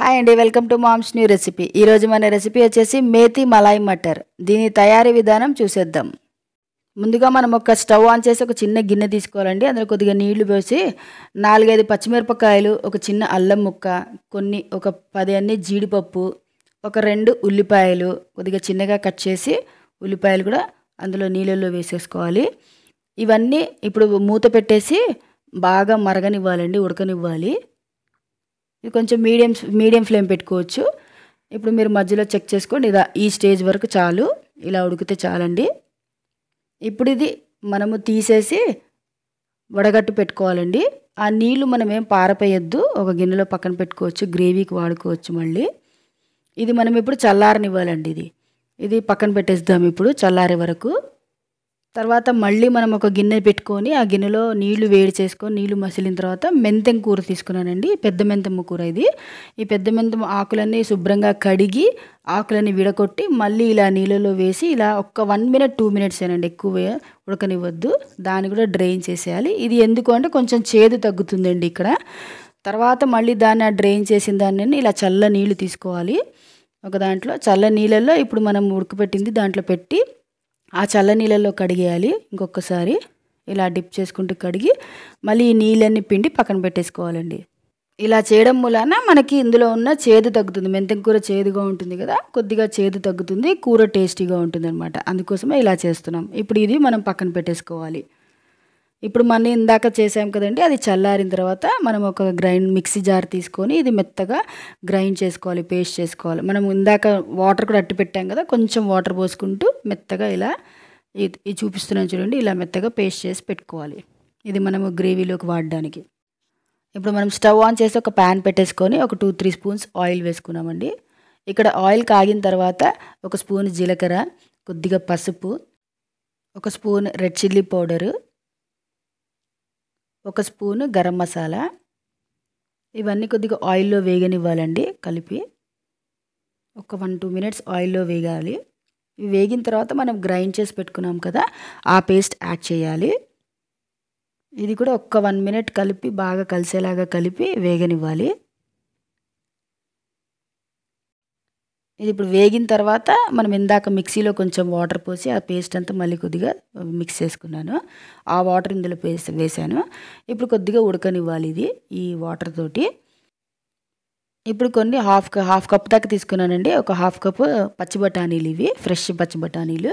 hi అండి welcome to mom's new recipe ఈరోజు మన రెసిపీ వచ్చేసి మేతి మలాయి మటర్ దీని తయారీ విధానం చూసేద్దాం ముందుగా మనం ఒక స్టవ్ ఆన్ చేసి ఒక చిన్న గిన్నె తీసుకోవాలండి అందులో కొద్దిగా నీళ్లు పోసి నాలుగైదు పచ్చిమిరపకాయలు ఒక చిన్న అల్లం ముక్క కొన్ని ఒక పది అన్ని జీడిపప్పు ఒక రెండు ఉల్లిపాయలు కొద్దిగా చిన్నగా కట్ చేసి ఉల్లిపాయలు కూడా అందులో నీళ్ళల్లో వేసేసుకోవాలి ఇవన్నీ ఇప్పుడు మూత పెట్టేసి బాగా మరగనివ్వాలండి ఉడకనివ్వాలి ఇది కొంచెం మీడియం మీడియం ఫ్లేమ్ పెట్టుకోవచ్చు ఇప్పుడు మీరు మధ్యలో చెక్ చేసుకోండి ఇలా ఈ స్టేజ్ వరకు చాలు ఇలా ఉడికితే చాలండి ఇప్పుడు ఇది మనము తీసేసి వడగట్టు పెట్టుకోవాలండి ఆ నీళ్లు మనం ఏం పారపేయొద్దు ఒక గిన్నెలో పక్కన పెట్టుకోవచ్చు గ్రేవీకి వాడుకోవచ్చు మళ్ళీ ఇది మనం ఇప్పుడు చల్లారనివ్వాలండి ఇది ఇది పక్కన పెట్టేద్దాం ఇప్పుడు చల్లారే వరకు తర్వాత మళ్ళీ మనం ఒక గిన్నె పెట్టుకొని ఆ గిన్నెలో నీళ్లు వేడి చేసుకొని నీళ్లు మసిలిన తర్వాత మెంతెం కూర తీసుకున్నానండి పెద్ద మెంతమ్మ కూర ఇది ఈ పెద్ద మెంతమ్మ ఆకులన్నీ శుభ్రంగా కడిగి ఆకులన్నీ విడగొట్టి మళ్ళీ ఇలా నీళ్ళలో వేసి ఇలా ఒక్క వన్ మినిట్ టూ మినిట్స్ అనండి ఎక్కువ ఉడకనివ్వద్దు దాన్ని కూడా డ్రైన్ చేసేయాలి ఇది ఎందుకు అంటే కొంచెం చేదు తగ్గుతుందండి ఇక్కడ తర్వాత మళ్ళీ దాన్ని డ్రైన్ చేసిన దాన్ని ఇలా చల్ల నీళ్ళు తీసుకోవాలి ఒక దాంట్లో చల్ల నీళ్ళల్లో ఇప్పుడు మనం ఉడకపెట్టింది దాంట్లో పెట్టి ఆ చల్ల నీళ్ళల్లో కడిగేయాలి ఇంకొకసారి ఇలా డిప్ చేసుకుంటూ కడిగి మళ్ళీ ఈ నీళ్ళన్నీ పిండి పక్కన పెట్టేసుకోవాలండి ఇలా చేయడం మూలాన మనకి ఇందులో ఉన్న చేదు తగ్గుతుంది మెంతం కూర చేదుగా ఉంటుంది కదా కొద్దిగా చేదు తగ్గుతుంది కూర టేస్టీగా ఉంటుంది అనమాట అందుకోసమే ఇలా చేస్తున్నాం ఇప్పుడు ఇది మనం పక్కన పెట్టేసుకోవాలి ఇప్పుడు మనం ఇందాక చేసాం కదండి అది చల్లారిన తర్వాత మనం ఒక గ్రైండ్ మిక్సీ జార్ తీసుకొని ఇది మెత్తగా గ్రైండ్ చేసుకోవాలి పేస్ట్ చేసుకోవాలి మనం ఇందాక వాటర్ కూడా అట్టి పెట్టాం కదా కొంచెం వాటర్ పోసుకుంటూ మెత్తగా ఇలా ఇది చూపిస్తున్నాను చూడండి ఇలా మెత్తగా పేస్ట్ చేసి పెట్టుకోవాలి ఇది మనము గ్రేవీలోకి వాడడానికి ఇప్పుడు మనం స్టవ్ ఆన్ చేసి ఒక ప్యాన్ పెట్టేసుకొని ఒక టూ త్రీ స్పూన్స్ ఆయిల్ వేసుకున్నామండి ఇక్కడ ఆయిల్ కాగిన తర్వాత ఒక స్పూన్ జీలకర్ర కొద్దిగా పసుపు ఒక స్పూన్ రెడ్ చిల్లీ పౌడరు ఒక స్పూన్ గరం మసాలా ఇవన్నీ కొద్దిగా ఆయిల్లో వేగనివ్వాలండి కలిపి ఒక వన్ టూ మినిట్స్ ఆయిల్లో వేగాలి ఇవి వేగిన తర్వాత మనం గ్రైండ్ చేసి పెట్టుకున్నాం కదా ఆ పేస్ట్ యాడ్ చేయాలి ఇది కూడా ఒక్క వన్ మినిట్ కలిపి బాగా కలిసేలాగా కలిపి వేగనివ్వాలి ఇది ఇప్పుడు వేగిన తర్వాత మనం ఇందాక మిక్సీలో కొంచెం వాటర్ పోసి ఆ పేస్ట్ అంతా మళ్ళీ కొద్దిగా మిక్స్ చేసుకున్నాను ఆ వాటర్ ఇందులో వేసాను ఇప్పుడు కొద్దిగా ఉడకనివ్వాలి ఇది ఈ వాటర్ తోటి ఇప్పుడు కొన్ని హాఫ్ హాఫ్ కప్ దాకా తీసుకున్నానండి ఒక హాఫ్ కప్ పచ్చి బఠానీలు ఇవి ఫ్రెష్ పచ్చి బఠానీలు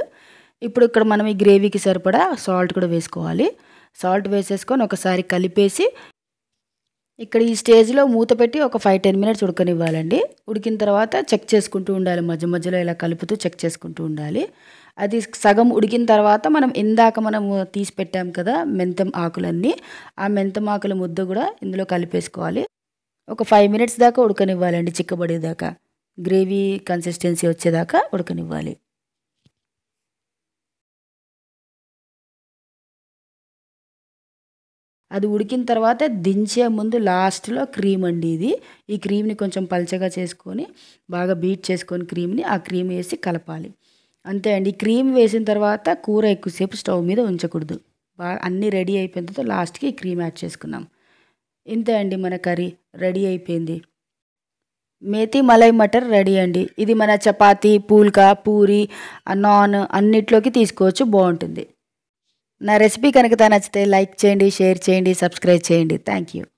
ఇప్పుడు ఇక్కడ మనం ఈ గ్రేవీకి సరిపడా సాల్ట్ కూడా వేసుకోవాలి సాల్ట్ వేసేసుకొని ఒకసారి కలిపేసి ఇక్కడ ఈ స్టేజ్లో మూత పెట్టి ఒక ఫైవ్ టెన్ మినిట్స్ ఉడకనివ్వాలండి ఉడికిన తర్వాత చెక్ చేసుకుంటూ ఉండాలి మధ్య మధ్యలో ఇలా కలుపుతూ చెక్ చేసుకుంటూ ఉండాలి అది సగం ఉడికిన తర్వాత మనం ఇందాక మనం తీసి పెట్టాం కదా మెంతం ఆకులన్నీ ఆ మెంతం ఆకుల ముద్ద కూడా ఇందులో కలిపేసుకోవాలి ఒక ఫైవ్ మినిట్స్ దాకా ఉడకనివ్వాలండి చిక్కబడేదాకా గ్రేవీ కన్సిస్టెన్సీ వచ్చేదాకా ఉడకనివ్వాలి అది ఉడికిన తర్వాత దించే ముందు లాస్ట్లో క్రీమ్ అండి ఇది ఈ క్రీమ్ని కొంచెం పల్చగా చేసుకొని బాగా బీట్ చేసుకొని క్రీమ్ని ఆ క్రీమ్ వేసి కలపాలి అంతే అండి క్రీమ్ వేసిన తర్వాత కూర ఎక్కువసేపు స్టవ్ మీద ఉంచకూడదు బాగా అన్నీ రెడీ అయిపోయిన తర్వాత లాస్ట్కి క్రీమ్ యాడ్ చేసుకున్నాం ఇంతే అండి మన కర్రీ రెడీ అయిపోయింది మేతి మలై మటర్ రెడీ అండి ఇది మన చపాతి పూల్కా పూరి నాన్ అన్నిట్లోకి తీసుకోవచ్చు బాగుంటుంది నా రెసిపీ కనుక నచ్చితే లైక్ చేయండి షేర్ చేయండి సబ్స్క్రైబ్ చేయండి థ్యాంక్ యూ